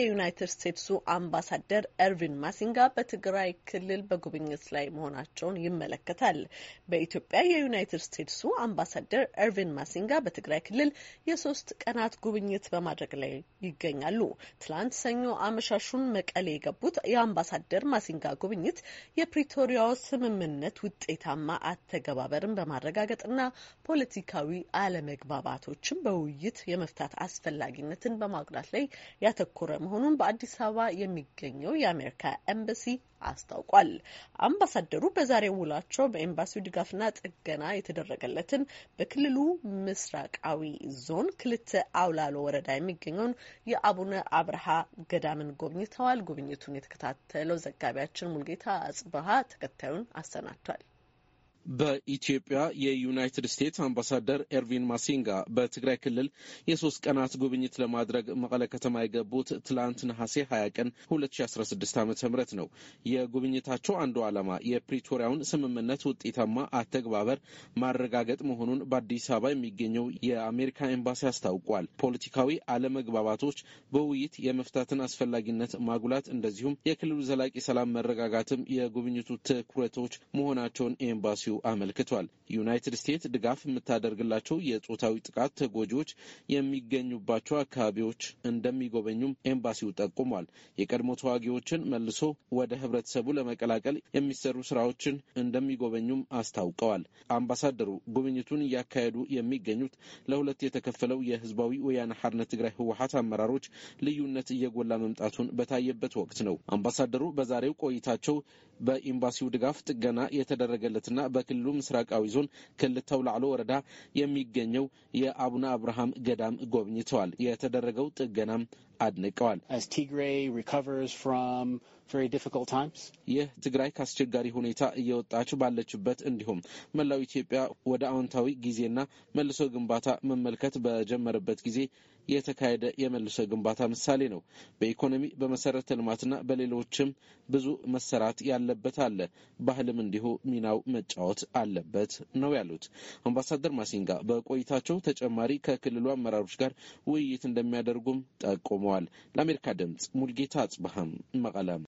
የዩናይትድ ስቴትሱ አምባሳደር ኤርቪን ማሲንጋ በትግራይ ክልል በጉብኝት ላይ መሆናቸውን ይመለከታል። በኢትዮጵያ የዩናይትድ ስቴትሱ አምባሳደር ኤርቪን ማሲንጋ በትግራይ ክልል የሶስት ቀናት ጉብኝት በማድረግ ላይ ይገኛሉ። ትላንት ሰኞ አመሻሹን መቀሌ የገቡት የአምባሳደር ማሲንጋ ጉብኝት የፕሪቶሪያው ስምምነት ውጤታማ አተገባበርን በማረጋገጥና ፖለቲካዊ አለመግባባቶችን በውይይት የመፍታት አስፈላጊነትን በማጉላት ላይ ያተኮረ መሆኑን በአዲስ አበባ የሚገኘው የአሜሪካ ኤምባሲ አስታውቋል። አምባሳደሩ በዛሬ ውሏቸው በኤምባሲው ድጋፍና ጥገና የተደረገለትን በክልሉ ምስራቃዊ ዞን ክልተ አውላሎ ወረዳ የሚገኘውን የአቡነ አብርሃ ገዳምን ጎብኝተዋል። ጉብኝቱን የተከታተለው ዘጋቢያችን ሙልጌታ አጽበሃ ተከታዩን አሰናድቷል። በኢትዮጵያ የዩናይትድ ስቴትስ አምባሳደር ኤርቪን ማሲንጋ በትግራይ ክልል የሶስት ቀናት ጉብኝት ለማድረግ መቀለ ከተማ የገቡት ትላንት ነሐሴ 20 ቀን 2016 ዓ ም ነው። የጉብኝታቸው አንዱ ዓላማ የፕሪቶሪያውን ስምምነት ውጤታማ አተግባበር ማረጋገጥ መሆኑን በአዲስ አበባ የሚገኘው የአሜሪካ ኤምባሲ አስታውቋል። ፖለቲካዊ አለመግባባቶች በውይይት የመፍታትን አስፈላጊነት ማጉላት፣ እንደዚሁም የክልሉ ዘላቂ ሰላም መረጋጋትም የጉብኝቱ ትኩረቶች መሆናቸውን ኤምባሲ ፖሊሲው አመልክቷል። ዩናይትድ ስቴትስ ድጋፍ የምታደርግላቸው የጾታዊ ጥቃት ተጎጂዎች የሚገኙባቸው አካባቢዎች እንደሚጎበኙም ኤምባሲው ጠቁሟል። የቀድሞ ተዋጊዎችን መልሶ ወደ ህብረተሰቡ ለመቀላቀል የሚሰሩ ስራዎችን እንደሚጎበኙም አስታውቀዋል። አምባሳደሩ ጉብኝቱን እያካሄዱ የሚገኙት ለሁለት የተከፈለው የህዝባዊ ወያነ ሓርነት ትግራይ ህወሀት አመራሮች ልዩነት እየጎላ መምጣቱን በታየበት ወቅት ነው። አምባሳደሩ በዛሬው ቆይታቸው በኤምባሲው ድጋፍ ጥገና የተደረገለትና በክልሉ ምስራቃዊ ዞን ክልተው ላዕሎ ወረዳ የሚገኘው የአቡነ አብርሃም ገዳም ጎብኝተዋል። የተደረገው ጥገናም አድንቀዋል። ይህ ትግራይ ከአስቸጋሪ ሁኔታ እየወጣች ባለችበት እንዲሁም መላው ኢትዮጵያ ወደ አዎንታዊ ጊዜና መልሶ ግንባታ መመልከት በጀመረበት ጊዜ የተካሄደ የመልሶ ግንባታ ምሳሌ ነው። በኢኮኖሚ በመሰረተ ልማትና በሌሎችም ብዙ መሰራት ያለበት አለ። ባህልም እንዲሁ ሚናው መጫወት አለበት ነው ያሉት አምባሳደር ማሲንጋ በቆይታቸው ተጨማሪ ከክልሉ አመራሮች ጋር ውይይት እንደሚያደርጉም ጠቁሟል። ዘግበዋል። ለአሜሪካ ድምፅ ሙልጌታ አጽብሃም መቀለም